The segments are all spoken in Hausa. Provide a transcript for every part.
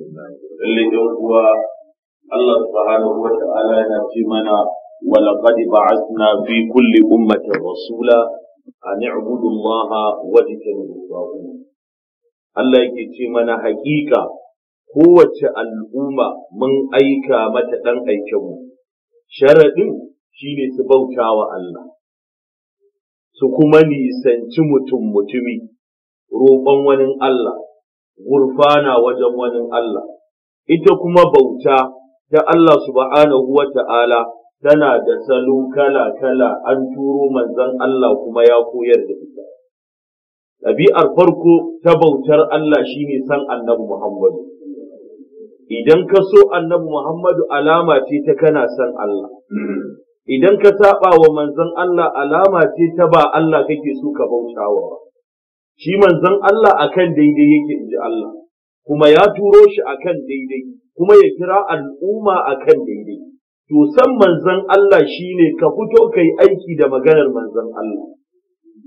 lallai ɗan uwa Allah subhanahu wa ta'ala yana ce mana wa laqad ba'athna fi kulli ummatin rasula an i'budu Allah wa tajtanibu Allah yake ce mana haƙiƙa kowace al'umma mun aika mata ɗan aikenmu, sharaɗin shi ne su bauta wa Allah, su kuma nisanci mutum mutumi, roƙon wani Allah. gurfana wajen wani Allah, ita kuma bauta ta Allah subhanahu wa ta'ala tana da salo kala-kala an turo manzon Allah kuma ya koyar da ita. Ɗabi'ar farko ta bautar Allah shine san annabi Muhammadu. Idan ka so annabi Muhammadu alama ce ta kana san Allah. Idan ka saɓa wa manzon Allah alama ce ta ba Allah kake so ka bautawa ba. shi manzon Allah akan daidai yake inji Allah kuma ya turo shi akan daidai kuma ya kira al'umma akan daidai to san manzon Allah shine ka fito kai aiki da maganar manzon Allah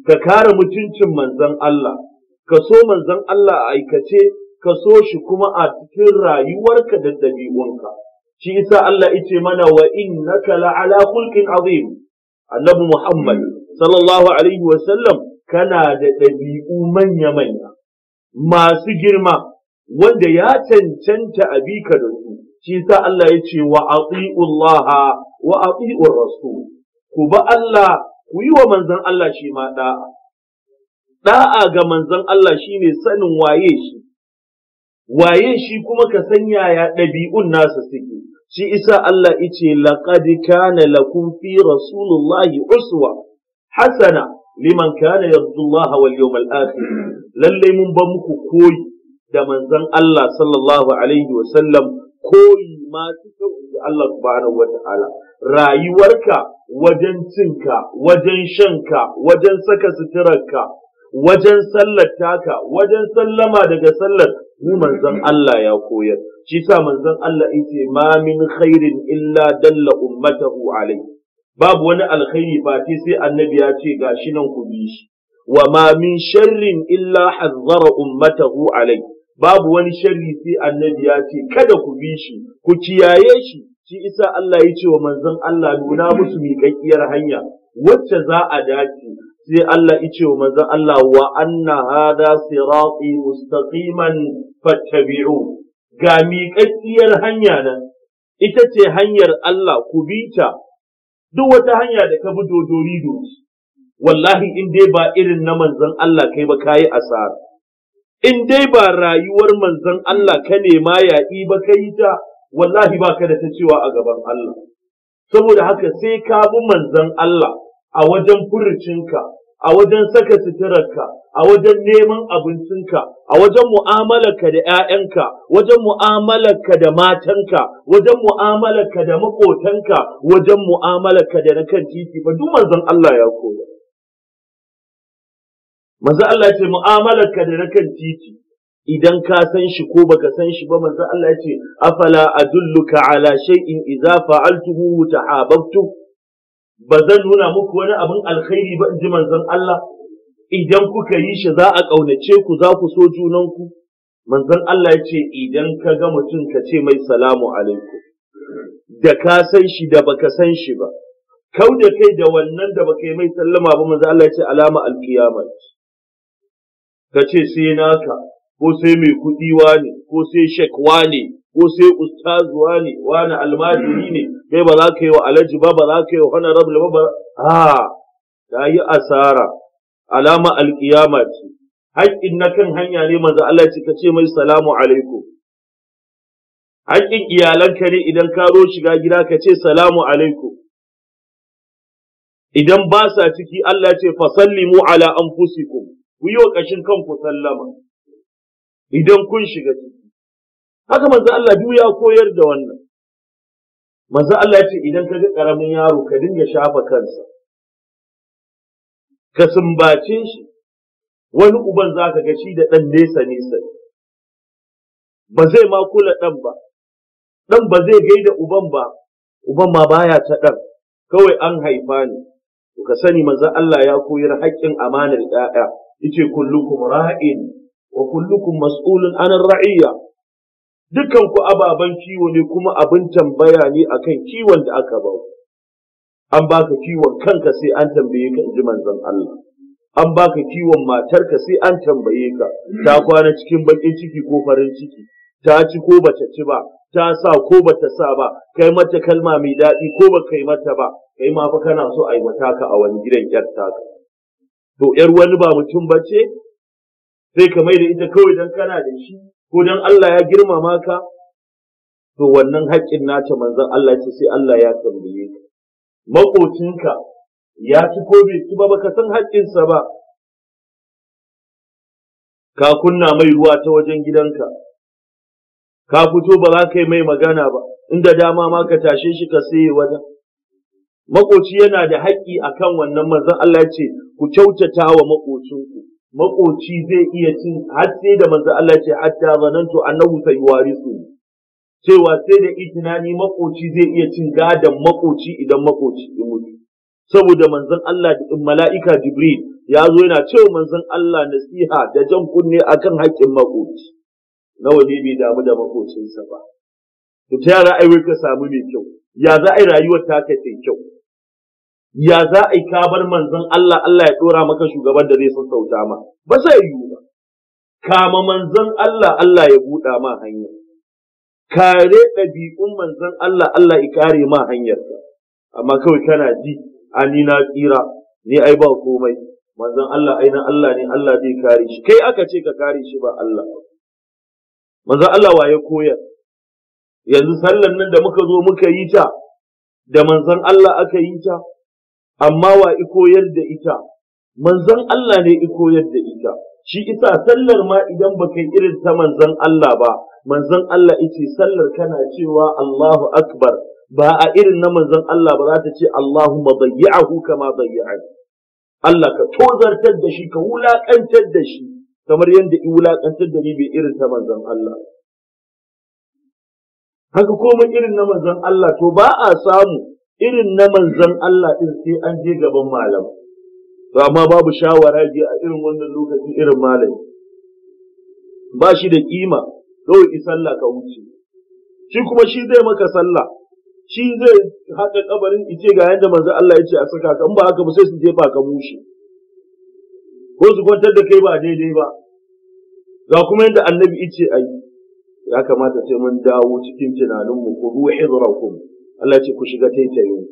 ka kare mutuncin manzon Allah ka so manzon Allah a aikace ka so shi kuma a cikin rayuwarka da dabi'unka shi isa Allah yace mana wa innaka la'ala khulqin azim annabi Muhammad sallallahu alaihi wa kana da ɗabi'u manya-manya masu girma wanda ya cancanta a bi ka da su shi sa Allah ya ce wa Allah wa ati'ur rasul ku ba Allah ku yi wa manzon Allah shi ma da'a da'a ga manzon Allah shi ne sanin waye shi waye shi kuma ka san yaya ɗabi'un nasa suke shi isa Allah yace laqad kana lakum fi rasulullahi uswa hasana liman kana yarjullaha wal yawmal akhir lalle mun ba muku koyi da manzon Allah sallallahu alaihi wa sallam koyi masu kyau da Allah subhanahu wa ta'ala rayuwarka wajen cinka wajen shanka wajen saka suturarka wajen sallar taka wajen sallama daga sallar mu manzon Allah ya koyar shi sa manzon Allah yace ma min khairin illa dalla ummatahu alaihi babu wani alkhairi fati sai annabi ya ce shi nan ku bi shi wa ma min sharrin illa hazzara ummatahu alai babu wani sharri sai annabi ya ce kada ku bi shi ku kiyaye shi shi isa Allah ya ce wa manzon Allah nuna musu miƙaƙƙiyar hanya wacce za a dace sai Allah ya ce wa manzon Allah wa anna hadha sirati mustaqiman fattabi'u ga miƙaƙƙiyar hanya nan ita ce hanyar Allah ku bi ta duk wata hanya da ka bi dodori doji wallahi in dai ba irin na manzon Allah kai ba kayi asara in dai ba rayuwar manzon Allah ka nema yaƙi ba ka yi ta wallahi ba ka da ta cewa a gaban Allah saboda haka sai ka bi manzon Allah a wajen furucinka a wajen saka suturarka, a wajen neman abincinka, a wajen mu'amalarka da ‘ya'yanka, wajen mu'amalarka da matanka, wajen mu'amalarka da maƙotanka, wajen mu'amalarka da na kan titi, ba duk manzon Allah ya koya. Manzo Allah ce mu'amalarka da na kan titi, idan ka san shi ko baka san shi ba manzo Allah ya ce, afala adulluka ala shay'in idza fa'altuhu tahabbtu ba zan nuna muku wani abin alkhairi ba in ji manzon Allah idan kuka yi shi za a ƙaunace ku za ku so junanku manzon Allah ya ce idan ka ga mutum ka ce mai salamu alaikum da ka san shi da baka san shi ba kau da kai da wannan da baka yi mai sallama ba manzon Allah ya ce alama alkiyama ka ce sai naka ko sai mai kuɗi wane ko sai shek wane ko sai ustazuwa ne wani almajiri ne kai ba za ka yi wa alaji ba ba za ka yi wa rabu ba ba a ta yi asara alama alkiyama ce haƙƙin na kan hanya ne manzo Allah ce ka ce mai salamu alaikum haƙƙin iyalanka ne idan ka zo shiga gida ka ce salamu alaikum idan ba sa ciki Allah ce fasallimu ala anfusikum ku yi wa ƙashin kanku sallama idan kun shiga ciki haka manzo Allah duk ya koyar da wannan manzo Allah ce idan ka ga karamin yaro ka dinga shafa kansa ka sumbace shi wani uban zaka ga shi da dan nesa nesa ba zai ma kula dan ba dan ba zai gaida uban ba uban ma baya ta dan kawai an haifa ne ka sani manzo Allah ya koyar haƙƙin amanar 'ya'ya yace kullukum ra'in wa kullukum mas'ulun anan ra'iyya dukan ku ababen kiwo ne kuma abin tambaya ne akan kiwon da aka ba an baka kiwon kanka sai an tambaye ka inji manzon Allah an baka kiwon matarka sai an tambaye ka ta kwana cikin bakin ciki ko farin ciki ta ci ko bata ci ba ta sa ko bata sa ba kai mata kalma mai daɗi ko ba kai mata ba kai ma fa kana so mata ka a wani gidan yar taka to yar wani ba mutum bace sai ka mai da ita kawai dan kana da shi ko dan Allah ya girmama ka to wannan haƙƙin nace manzon Allah ce sai Allah ya tambaye ka maƙocinka ya ci ko bai ci ba baka san haƙƙinsa ba ka kunna mai ruwa ta wajen gidanka ka fito ba za ka yi mai magana ba inda dama ma ka tashe shi ka sai wajen maƙoci yana da haƙƙi akan wannan manzon Allah ya ce ku kyautata wa maƙocinku makoci zai iya cin har sai da manzo Allah ce hatta zanantu annahu sayuwarisu cewa sai da itinani makoci zai iya cin gadan makoci idan makoci ya mutu saboda manzon Allah da mala'ika Jibril ya zo yana cewa manzon Allah nasiha da jan kunne akan haƙƙin makoci nawa ne bai damu da makocinsa ba to ta yara ka samu mai kyau ya za a yi rayuwar ta kai kyau ya za a yi kabar manzon Allah Allah ya ɗora maka shugaban da zai sassauta ma ba zai yi ba kama manzon Allah Allah ya buɗa ma hanya kare ɗabi'un manzon Allah Allah ya kare ma hanyar. amma kawai kana ji ani na tsira ni ai ba komai manzon Allah ai na Allah ne Allah zai kare shi kai aka ce ka kare shi ba Allah manzon Allah wa ya koyar yanzu sallan nan da muka zo muka yi ta da manzon Allah aka yi ta amma wa koyar da ita manzon Allah ne koyar da ita shi isa sallar ma idan baka yi irin ta manzon Allah ba manzon Allah yace sallar kana cewa Allahu akbar ba a irin na manzon Allah ba za ta ce Allahumma dayyi'ahu kama dayyi'ani Allah ka tozartar da shi ka wulakantar da shi kamar yadda in wulakantar da ni bai irin ta manzon Allah haka komai irin na manzon Allah to ba a samu irin na manzan Allah ɗin sai an je gaban malam to amma babu shawara je a irin wannan lokacin irin malam ba shi da kima dole ki sallah ka wuce shi kuma shi zai maka sallah shi zai haɗa kabarin ice ga yadda manzan Allah ya ce a saka ka in ba haka ba sai su jefa ka mushi ko su kwantar da kai ba daidai ba ga kuma yadda annabi ice a yi ya kamata sai mun dawo cikin tunaninmu ko ruwa idrakum Allah ce ku shiga taitayin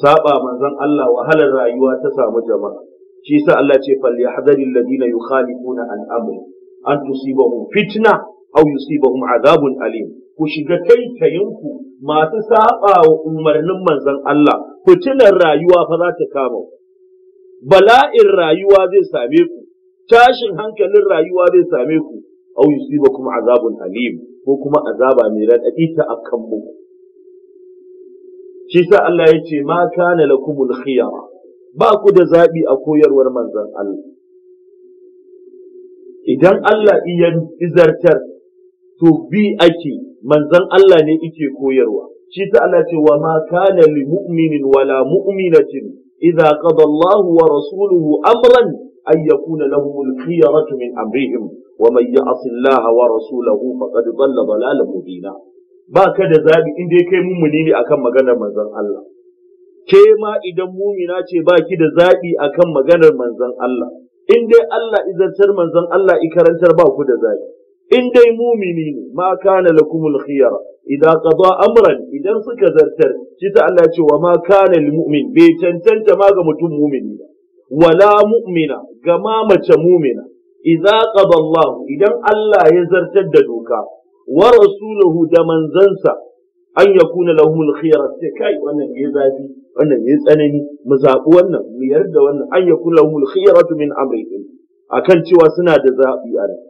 saba manzon Allah wahalar rayuwa ta samu jama'a shi yasa Allah ce fal yahdari alladhina yukhalifuna an amri an tusibahum fitna aw yusibahum adhabun alim ku shiga taitayinku ku masu saba wa umarnin manzon Allah fitinar rayuwa fa za ta kama bala'in rayuwa zai same ku tashin hankalin rayuwa zai same ku aw yusibakum azabun alim ko kuma azaba mai raɗaɗi ta akan muku shi sa Allah ya ce ma kana lakumul khiyara ba ku da zaɓi a koyarwar manzon Allah idan Allah iya izartar to bi ake manzon Allah ne ike koyarwa shi sa Allah ce wa ma kana li mu'minin wala mu'minatin idza qada Allahu wa rasuluhu amran Ayyaku na يكون لهم الخيرة من أمرهم ومن يعص الله ورسوله فقد ضل ضلالا مبينا ba ka da zabi in dai kai mummuni akan maganar manzon Allah ke ma idan mumina ce baki da zaɓi akan maganar manzan Allah in dai Allah izartar manzon Allah ikarantar ba ku da zabi in dai mumini ne ma kana lakumul idan qada amran idan suka zartar shi ta Allah ce wa ma kana mu'min bai cancanta ma ga mutum mumini ba wala mu'mina gama mace mumina idza qada idan Allah ya zartar da doka wa rasuluhu da manzansa an yakuna lahumul khiyara sai kai wannan yayi zafi wannan yayi tsanani mu zabi wannan mu yarda wannan an yakuna lahumul khiyaratu min amrihim akan cewa suna da zaɓi a nan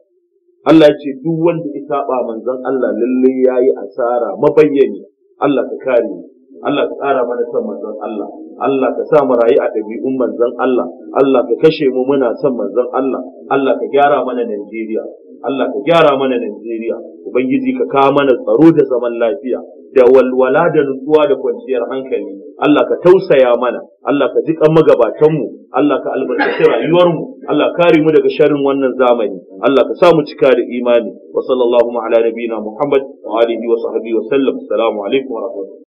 Allah ce duk wanda ya manzon Allah lalle yayi asara mabayyani Allah ka kare mu Allah ka ƙara mana son manzon Allah Allah ka sa mu rayu a ɗabi'un manzon Allah Allah ka kashe mu muna son manzon Allah Allah ka gyara mana Najeriya Allah ka gyara mana Najeriya ubangiji ka kawo mana tsaro da zaman lafiya da walwala da nutsuwa da kwanciyar hankali Allah ka tausaya mana Allah ka jiƙa magabatanmu Allah ka albarkaci rayuwarmu Allah kare mu daga sharrin wannan zamani Allah ka sa mu cika da imani wa sallallahu ala nabiyina Muhammad wa alihi wa sahbihi wa sallam assalamu alaikum wa rahmatullahi